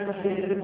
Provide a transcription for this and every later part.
الحلم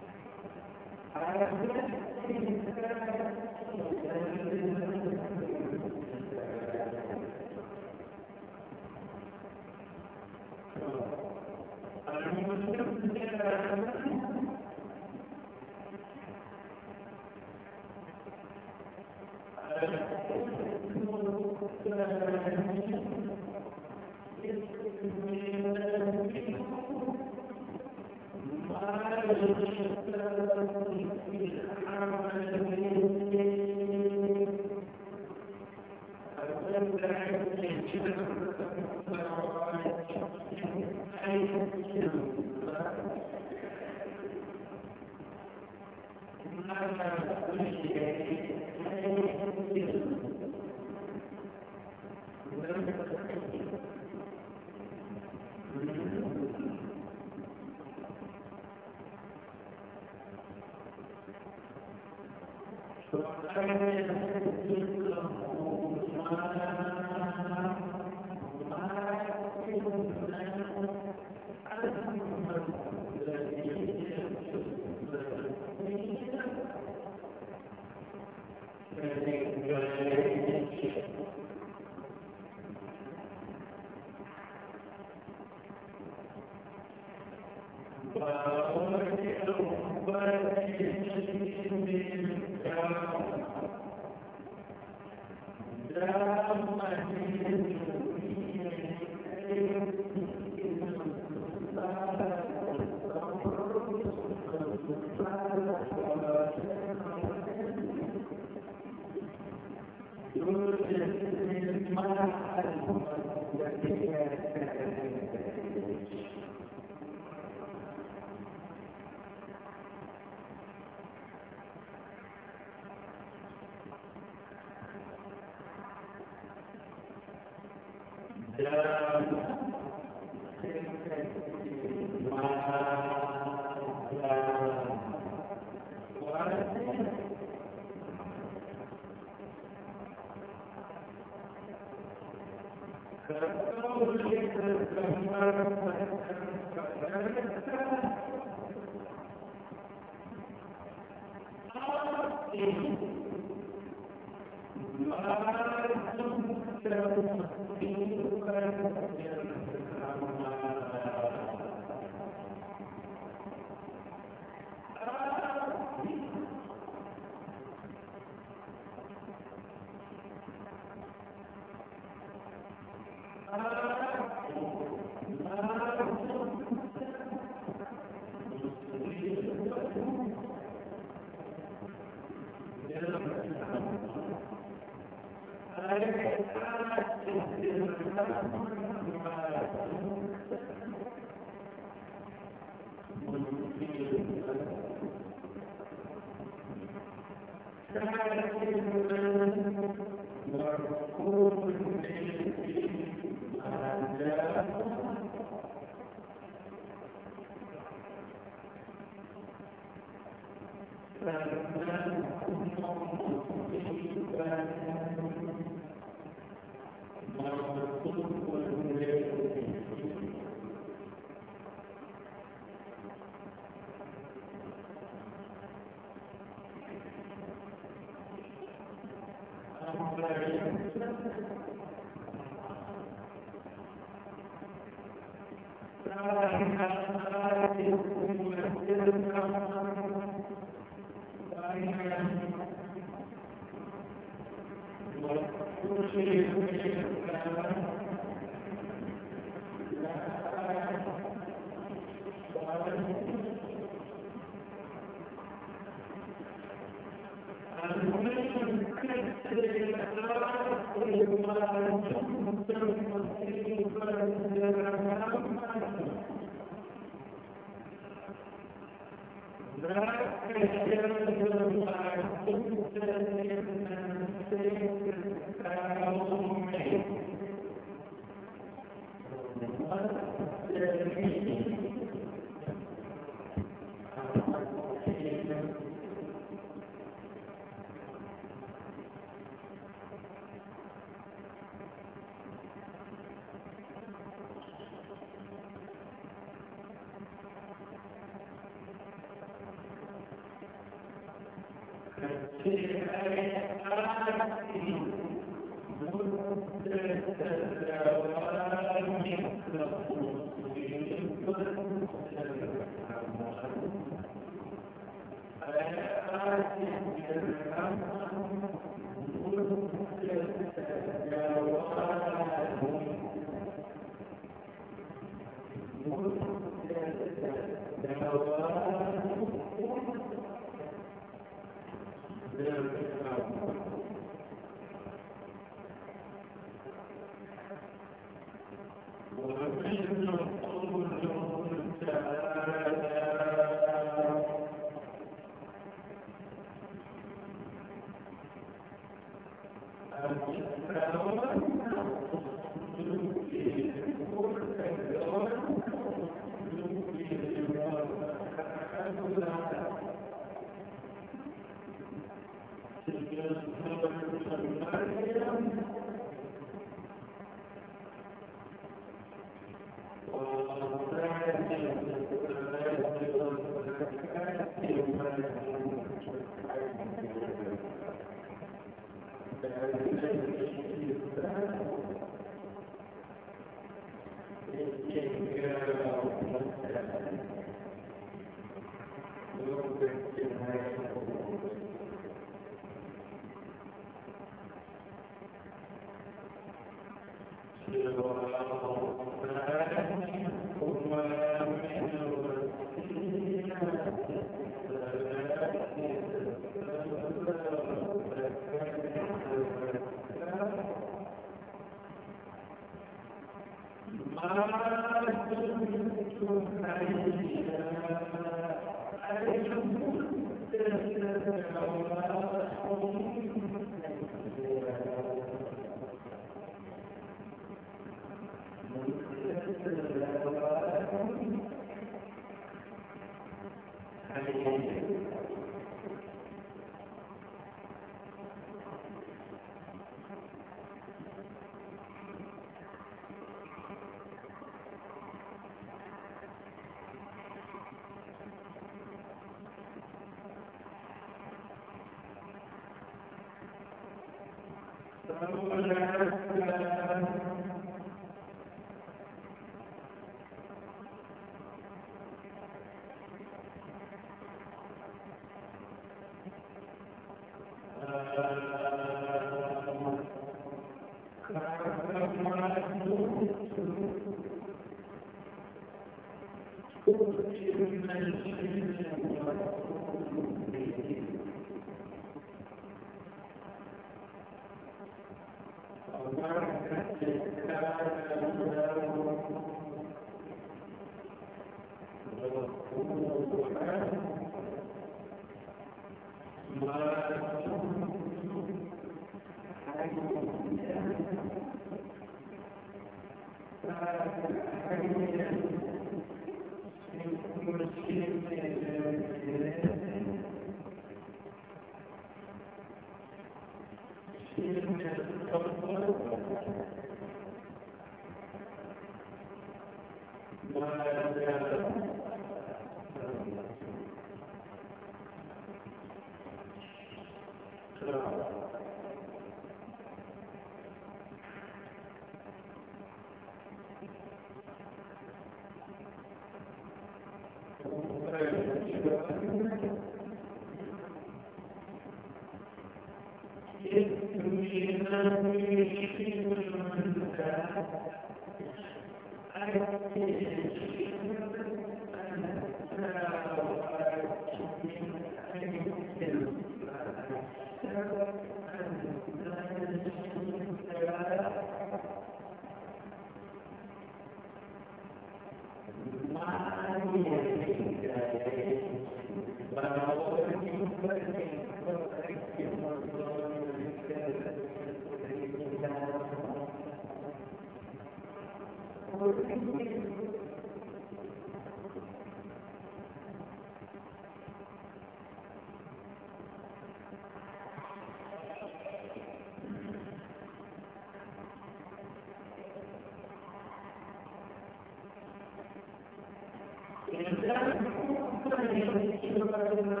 وسلم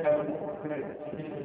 الكتاب المقدس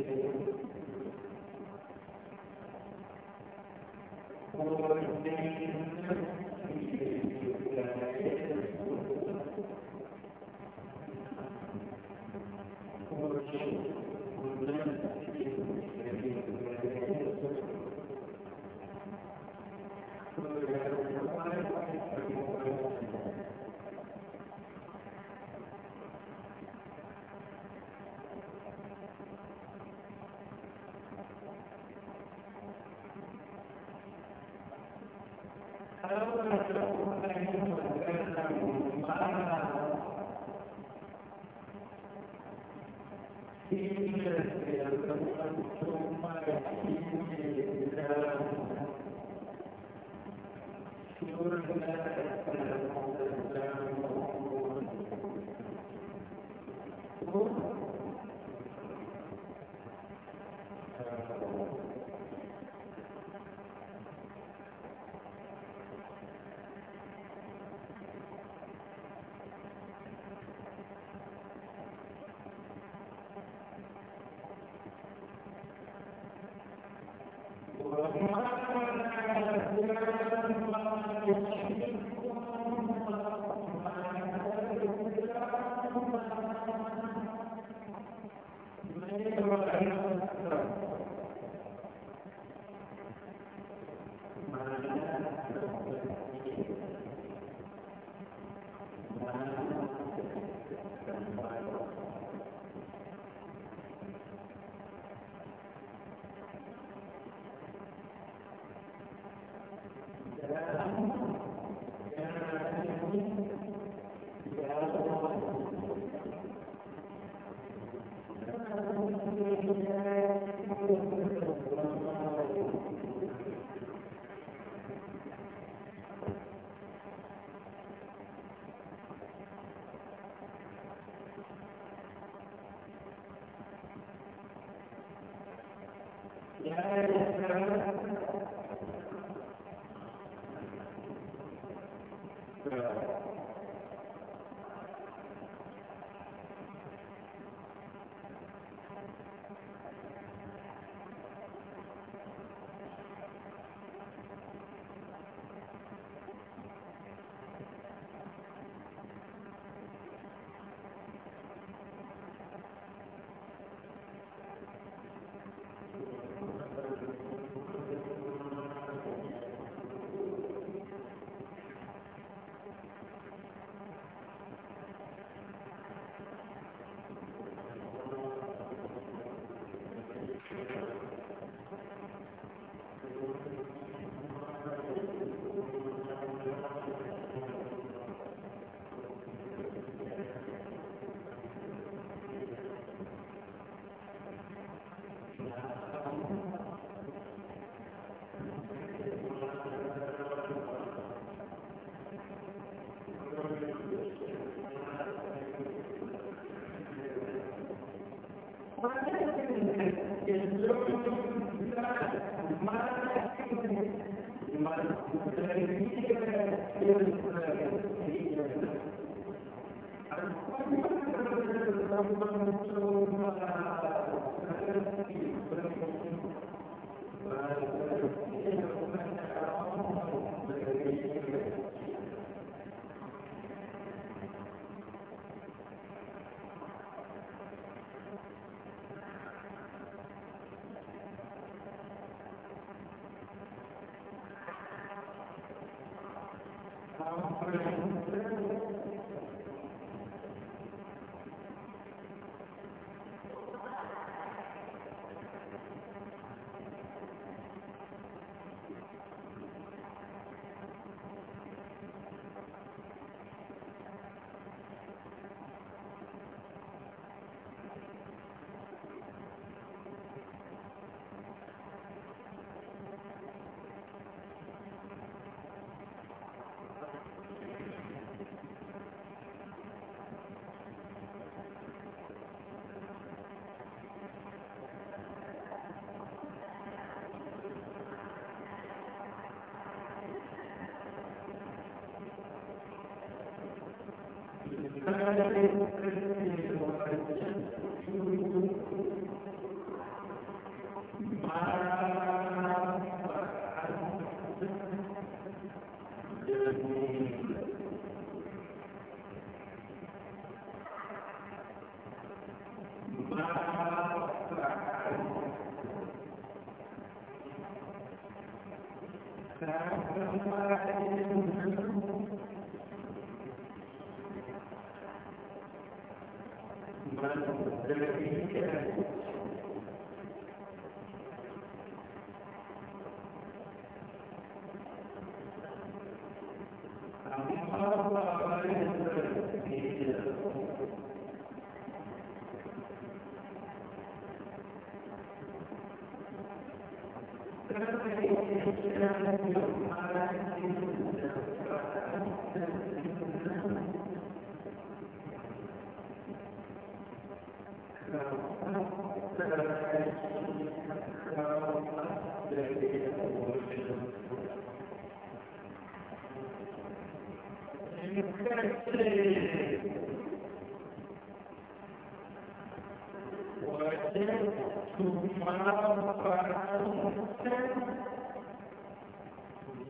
العالمين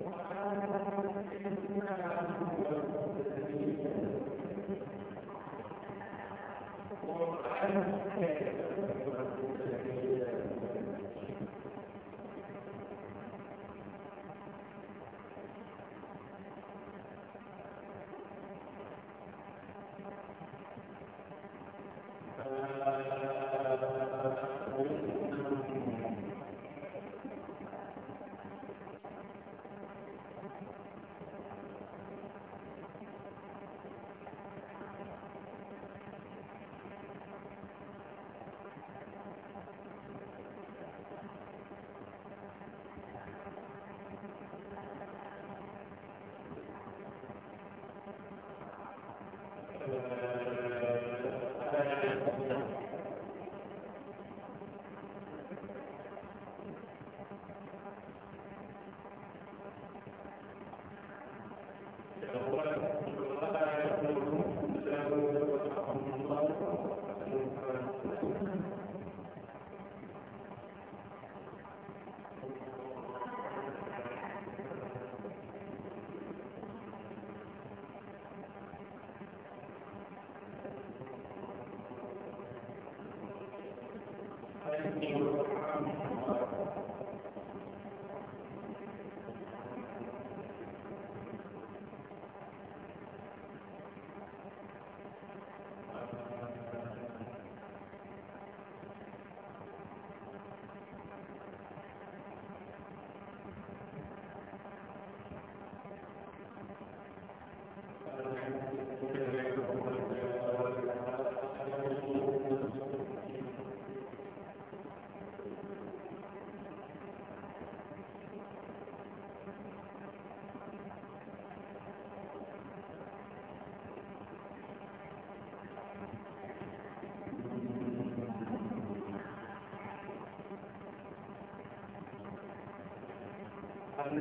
Thank you.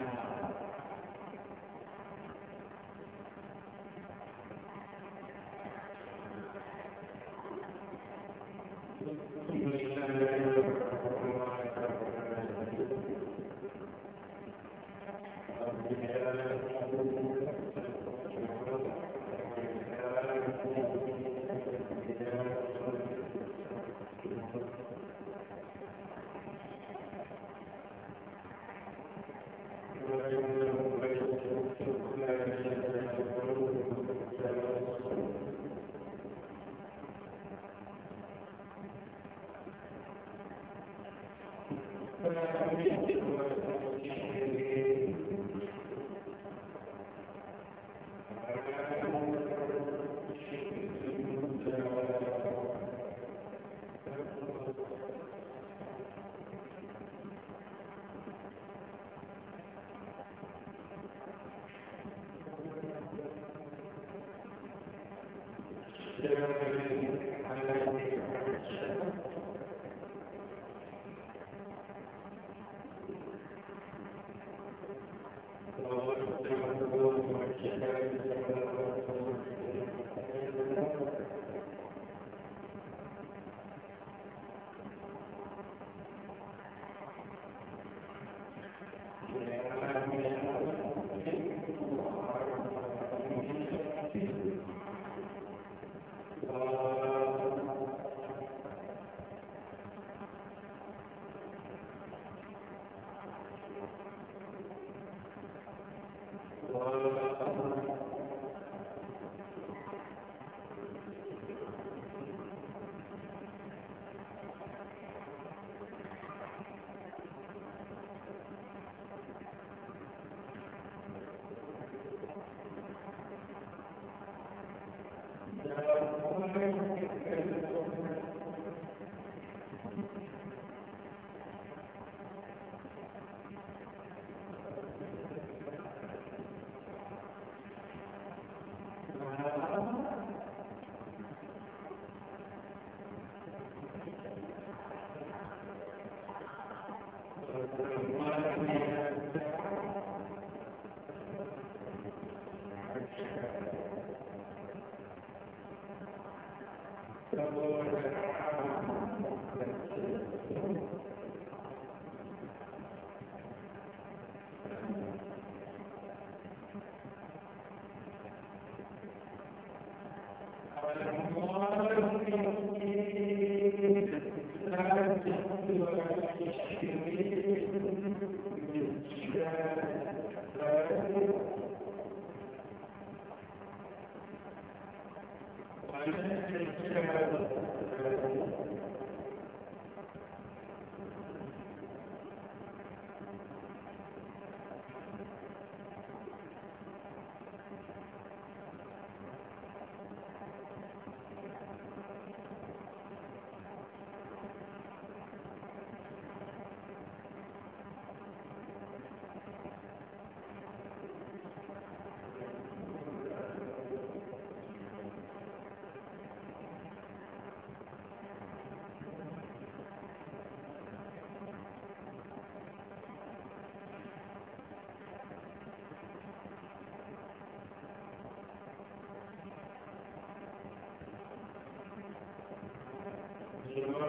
uh,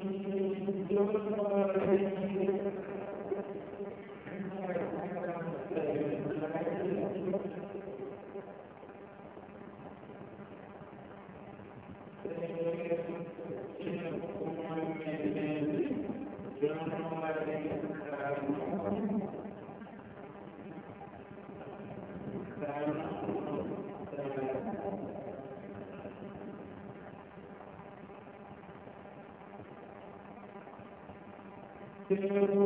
Thank you. Thank you.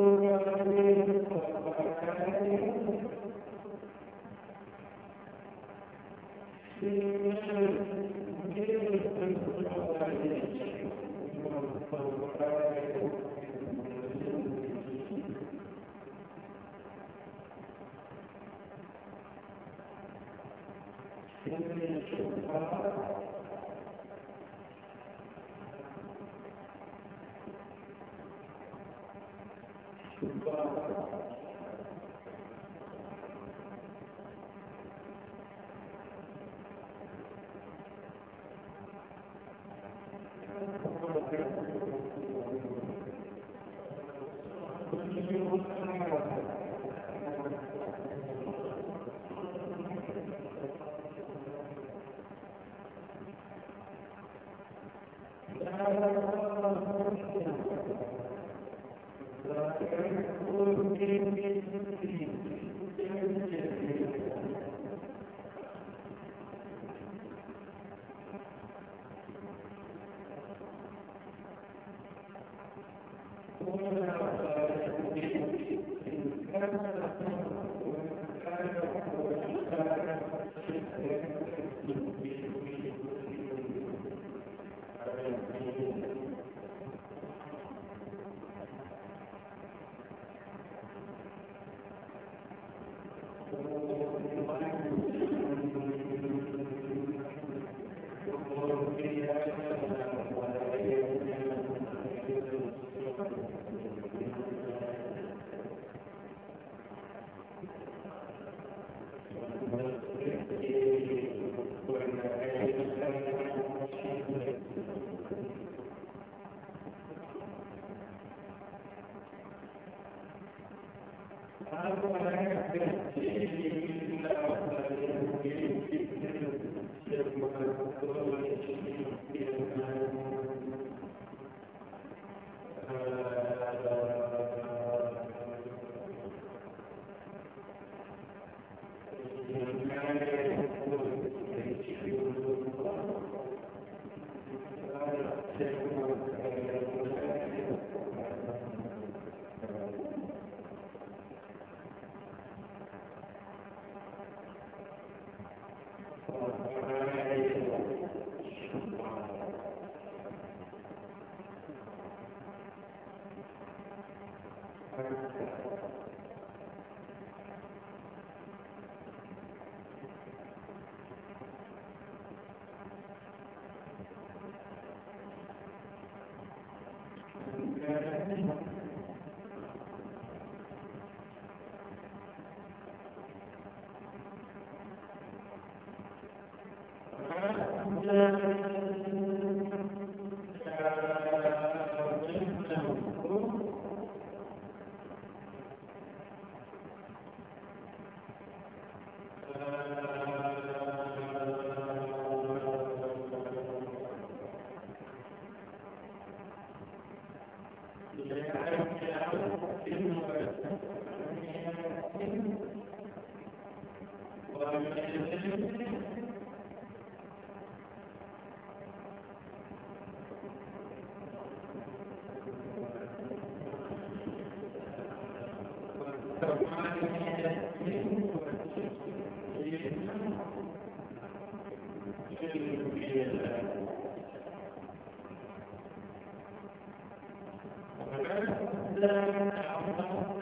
إلا من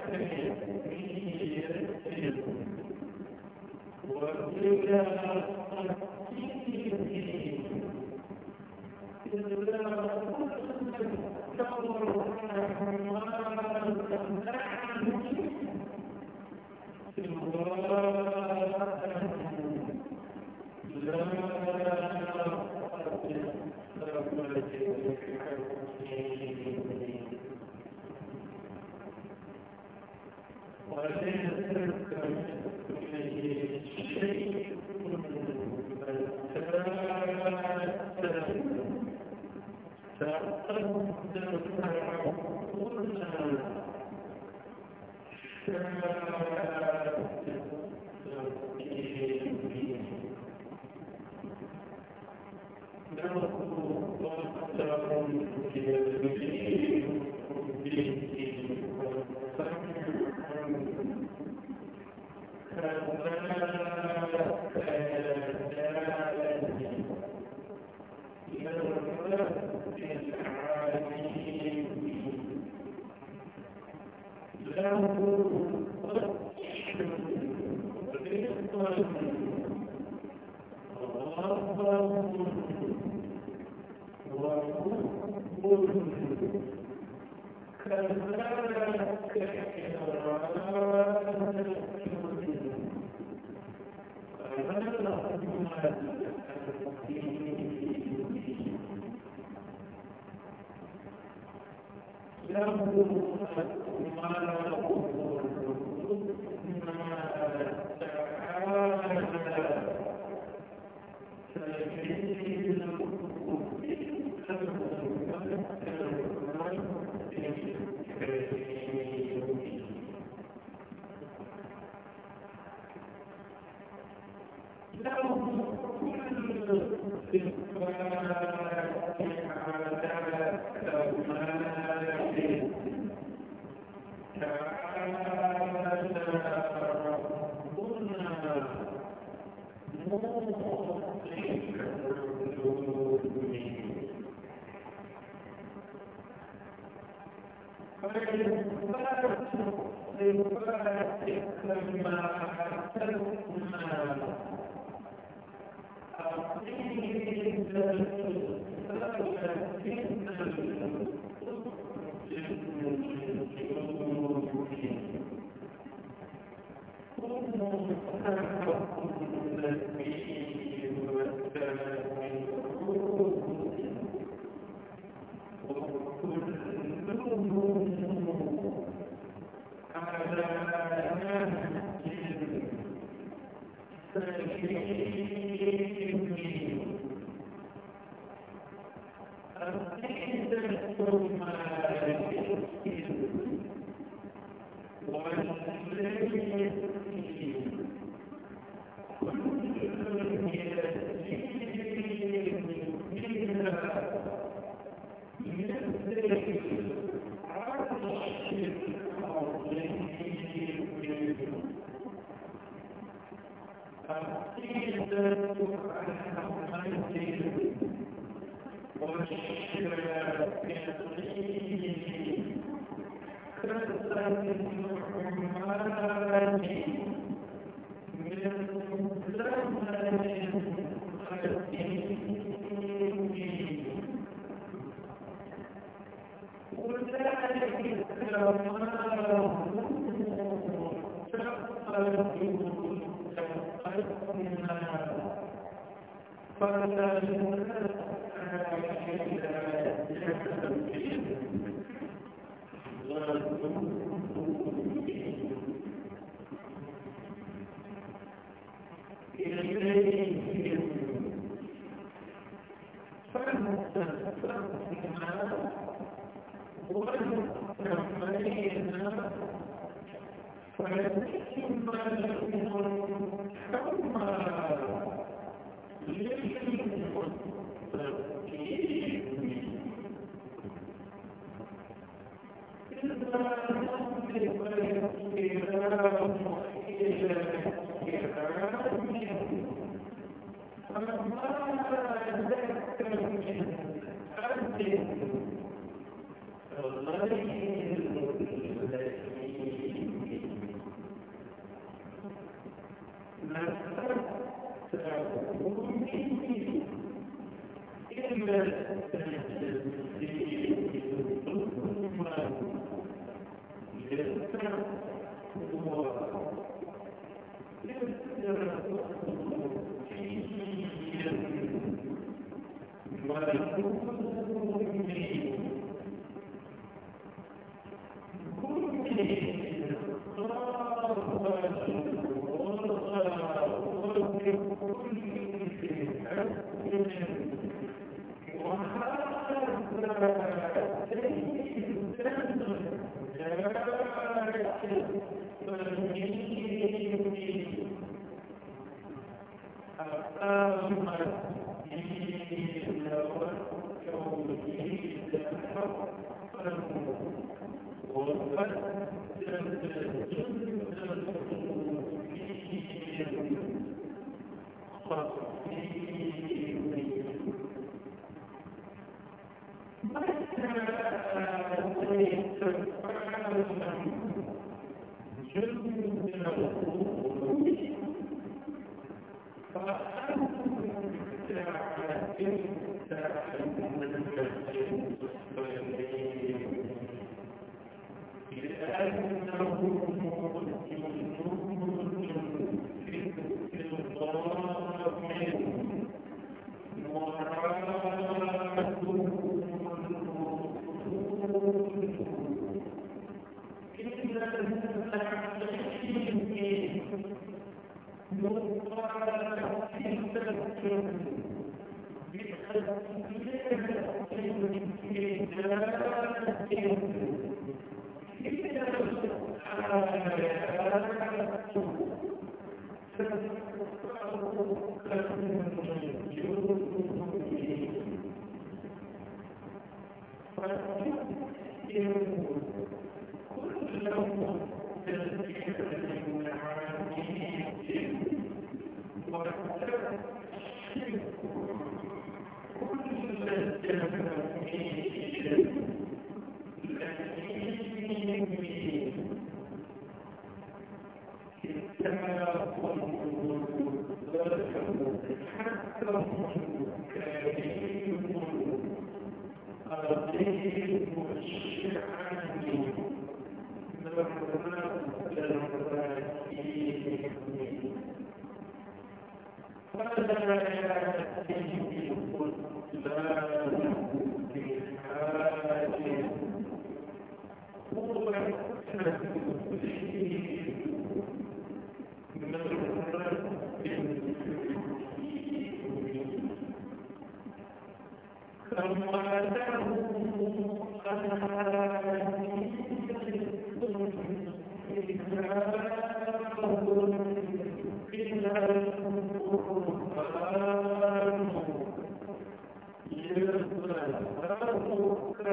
Thank you.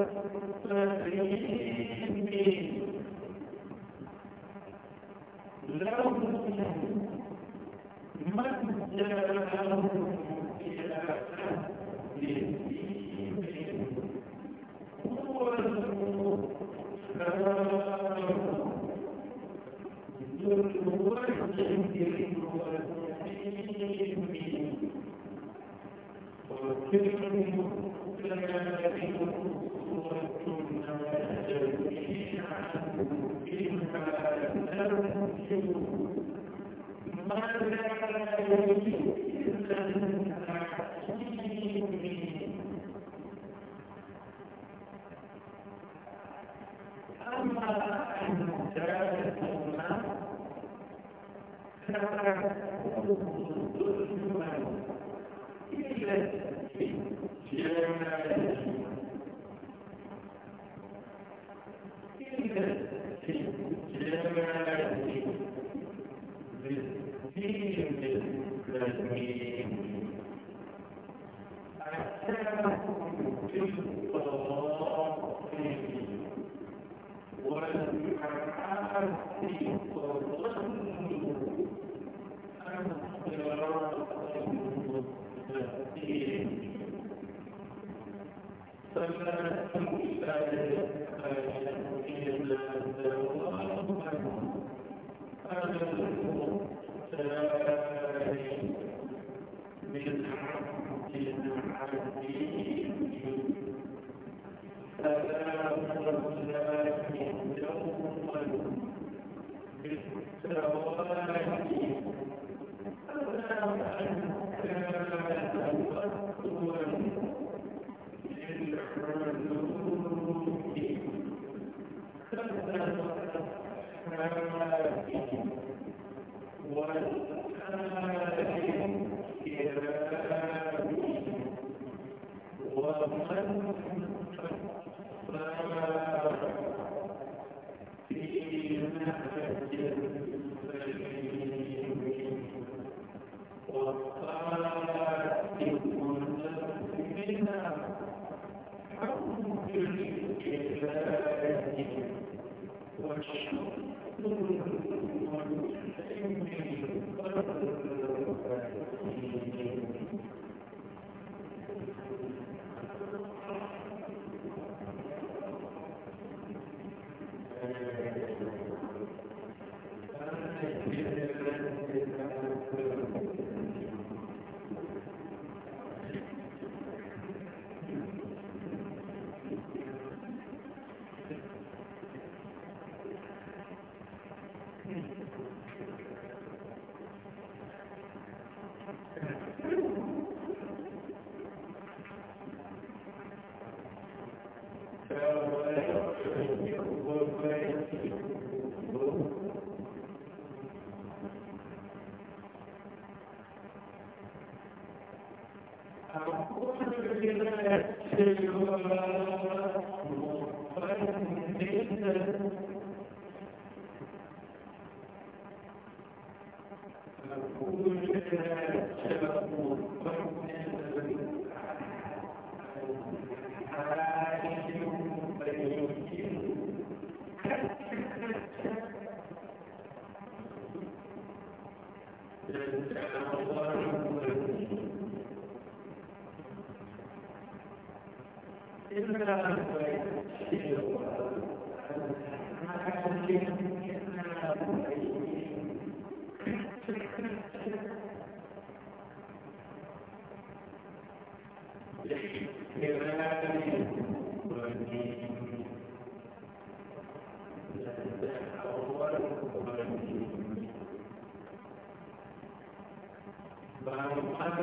لهم من جاءهم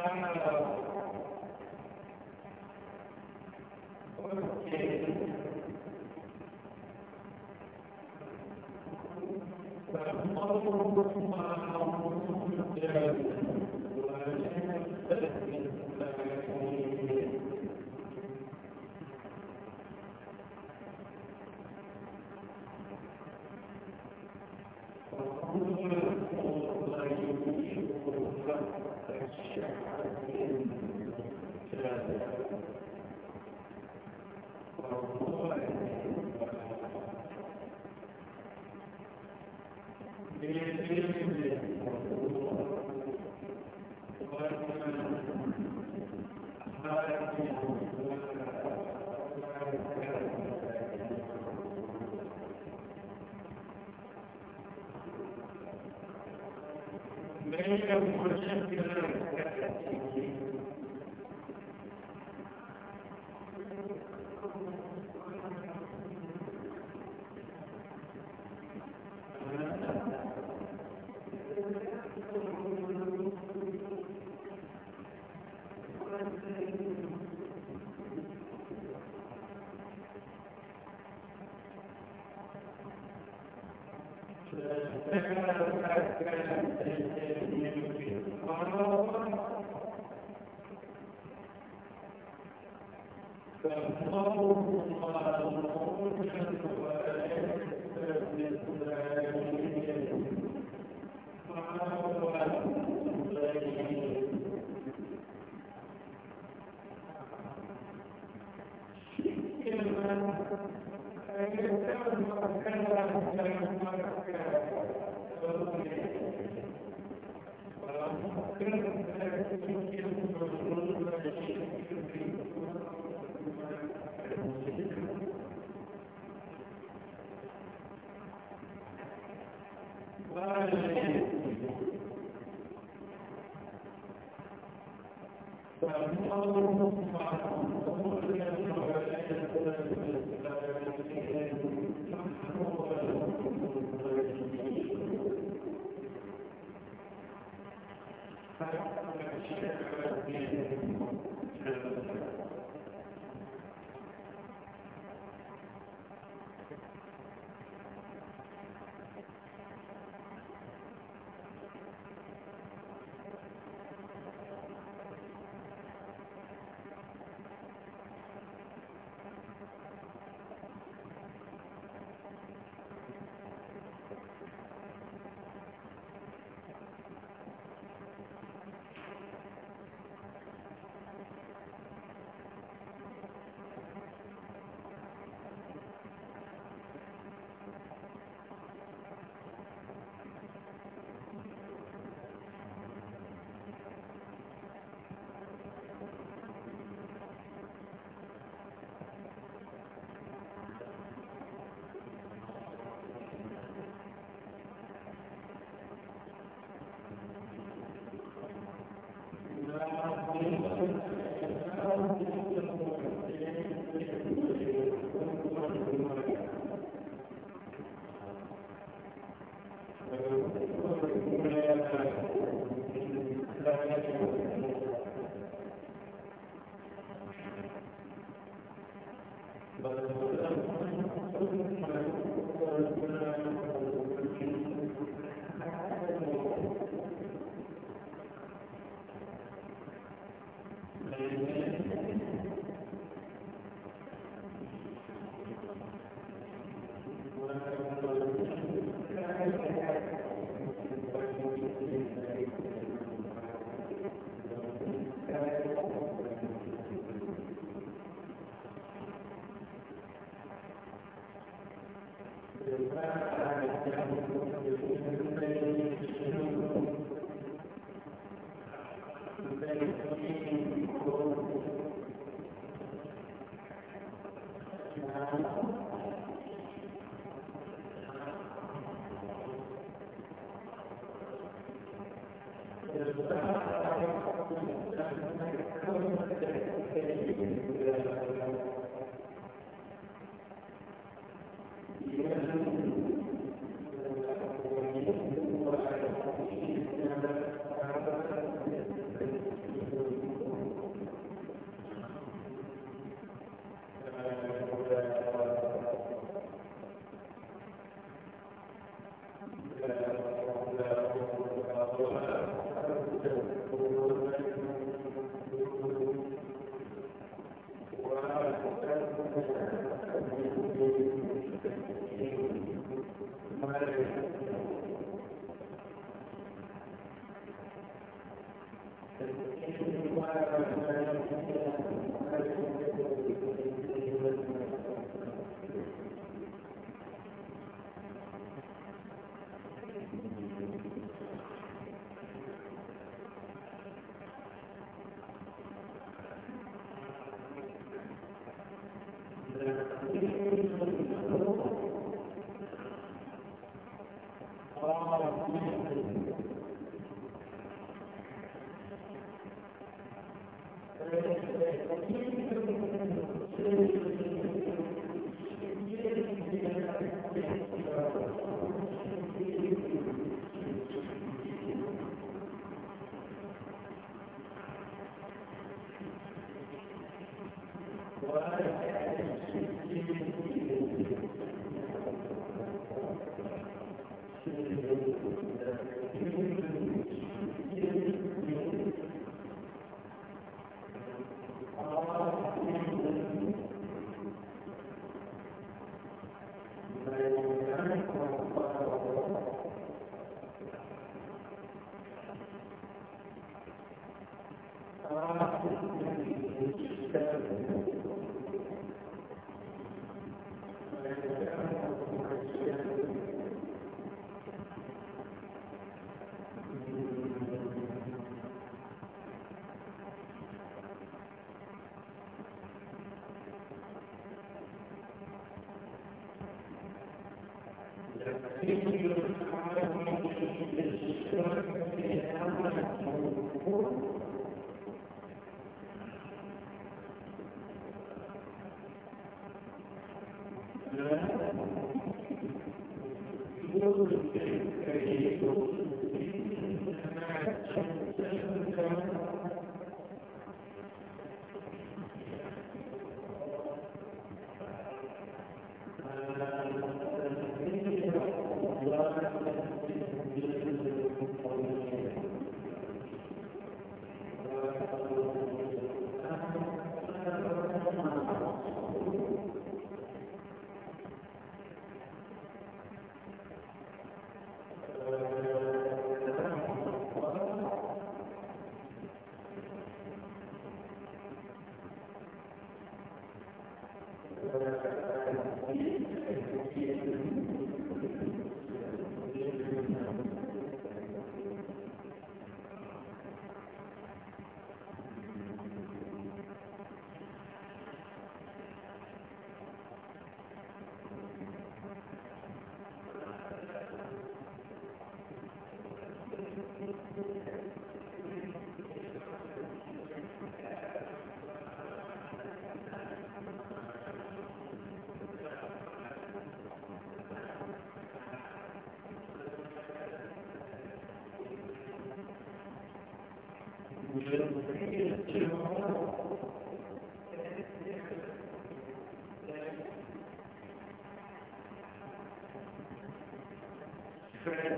Thank you.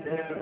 their